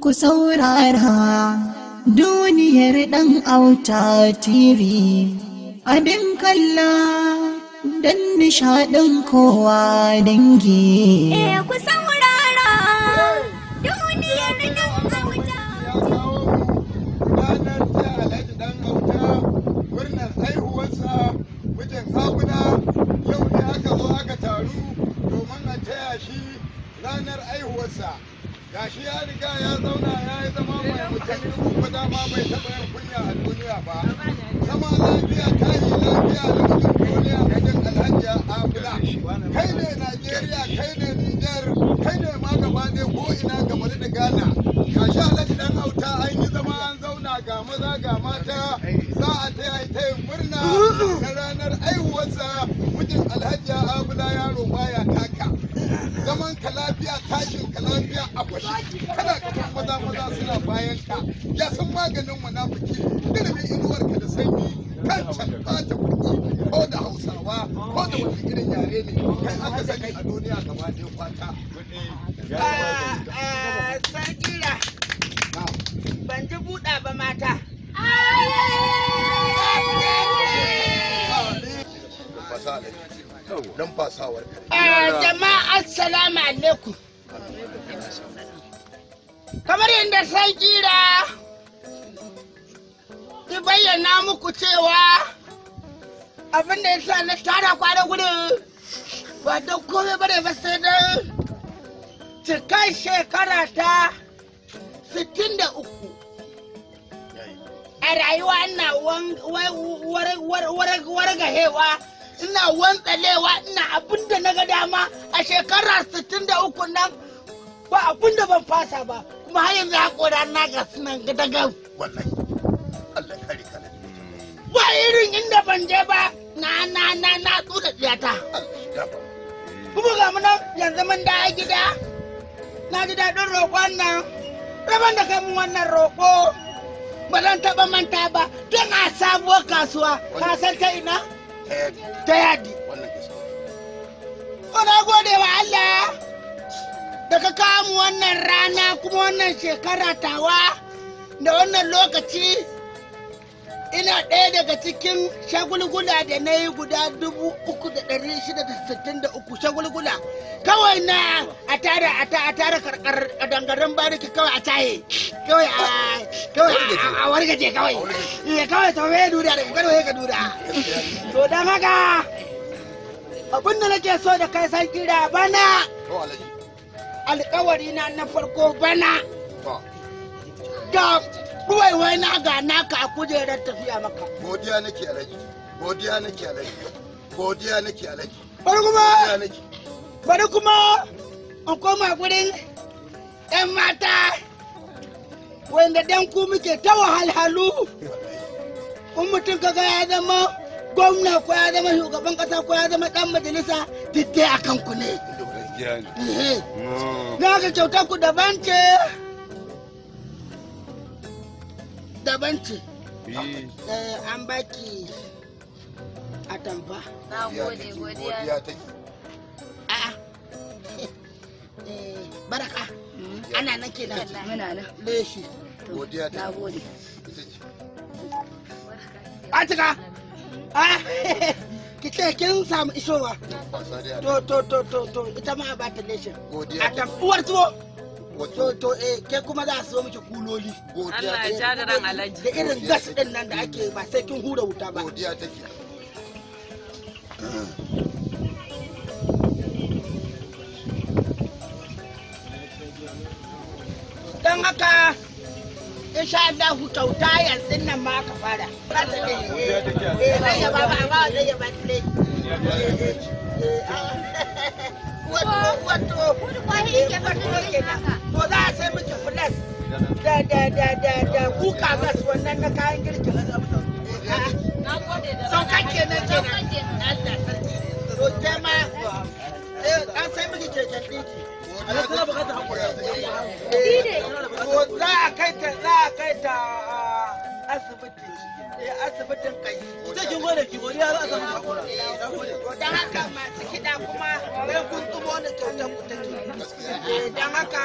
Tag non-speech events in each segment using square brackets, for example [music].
ku saurara duniyar ɗan auta TV abin kalla don nishaɗin kowa dangi. Eh ku saurara duniyar ɗan auta Ranar ta alhaji ɗan auta murnar aihuwarsa mijin Haruna yau ne aka zo aka taru domin a taya shi ranar haihuwarsa. gashi ya riga ya zauna ya yi zama mai mutane kuma dama mai taɓa yin kunya a duniya ba zama lafiya ta yi lafiya da mutum duniya wajen alhaji abula kai ne najeriya kai ne niger kai ne ma gaba ne ko ina gaba da ghana Kashi alhaji dan auta an yi zama an zauna ga maza ga mata za a ta yi ta murna na ranar aihuwarsa mijin alhaji abula yaro baya taka zaman ka lafiya tashin ka lafiya a Kada ka kafin maza maza suna bayan ka ya san maganin munafiki dirbin ka da sanyi kan canfa ta kuɗi ko da hausawa ko da wani irin yare ne Kan aka sani a duniya gaba ɗaya kwata. Eh, eh, eh, Sarkira, ban ji buɗa kai don fasawar ah, jama'a assalamu alaikum kamar yadda sai kira ki bayyana muku cewa abin da ya sa na tara kwanan gudun ba don komai bane ba sai don cikin shekara ta 63 a rayuwa ina wargahewa ina wantsalewa ina abin da na ga dama a shekara 63 nan ba abin da ban fasa ba kuma har yanzu haƙora na ga sunan gadagar wallahi Allah kare ba irin inda ban je ba na na na na tsula tsiyata kuma ga munan yanzu mun da gida na ji daɗin roƙon nan raban da kai mun wannan roƙo ba zan taɓa manta ba don a sabuwar kasuwa ka san ta ina ta yadi wannan iska na gode wa Allah da ka kamu wannan rana kuma wannan shekara tawa da wannan lokaci ina ɗaya daga cikin shagulgula da na yi guda dubu uku da ɗari shida da sittin da uku shagulgula kawai na a tara a ta a tara karkar a bariki kawai a taye kawai a kawai a wargaje kawai eh, kawai ta waye dura da kano ya ka dura to dan haka abin da nake so da kai san kira bana alƙawari na na farko bana ga ruwai wai na ga ka a kujerar tafiya maka godiya nake alaji godiya nake alaji godiya nake alaji bari kuma bari kuma in koma gurin yan mata wanda dan ku muke ta wahalhalu in mutum ga ya zama gwamna ko ya zama shugaban kasa ko ya zama dan majalisa diddai akan ku ne mm. na ga kyautar ku daban ce daban ce eh. Eh, an baki a tamfa na gode [laughs] eh, baraka ana na ke nan leshi godiya ta cika ah. [laughs] kin samu isowa to to to to ita ma ba a tuwo to to eh ke kuma za su zo miki kuloli Allah ya ja da irin gas din nan da ake ba sai kin hura wuta ba godiya take don haka insha Allah kyauta yanzu nan ma ka fara ba ta eh ya ba ba ba ya ba wato wato ke sai miki flas da da da da da kuka gas wannan na kayan girki eh, saukan kenan kenan Allah sarki to ke ma eh, sai miki keken to za a kai ta za a kai ta ah, asibiti eh, asibitin kai kin gode ki godiya za a samu haka kuma sai kun haka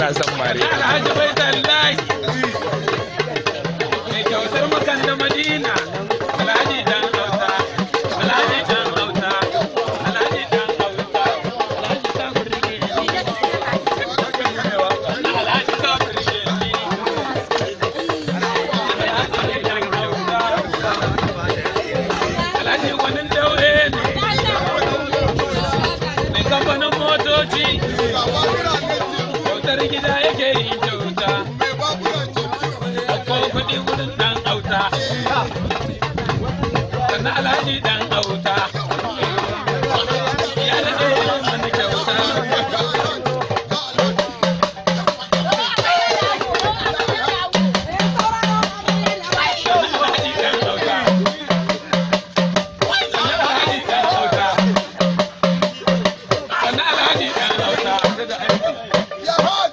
Allah san mare. Kana alhaji dan auta. Yeah, hi!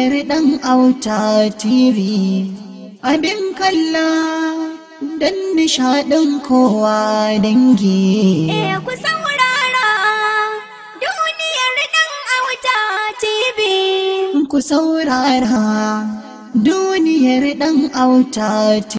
tahir dan auta tv abin kalla dan nishadin kowa dangi eh ku saurara duniyar dan auta tv ku saurara duniyar dan auta